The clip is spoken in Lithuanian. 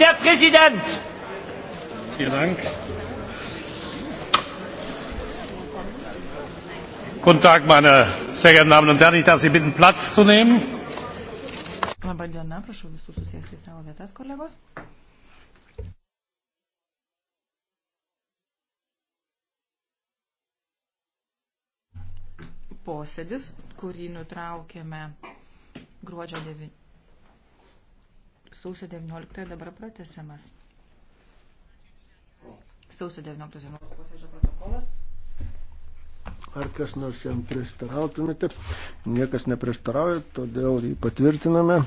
der Präsident. Vielen Dank. Guten Tag, meine sehr geehrten Damen und Herren. Ich darf Sie bitten, Platz zu nehmen. Labą dieną, prašau visus susėsti į savo vietas, kolegos. Posėdis, kurį nutraukėme gruodžio 9 sausio 19 dabar pratesiamas. Sausio 19 dienos posėdžio protokolas. Ar kas nors jam prieštarautumėte? Niekas neprieštarauja, todėl jį patvirtiname.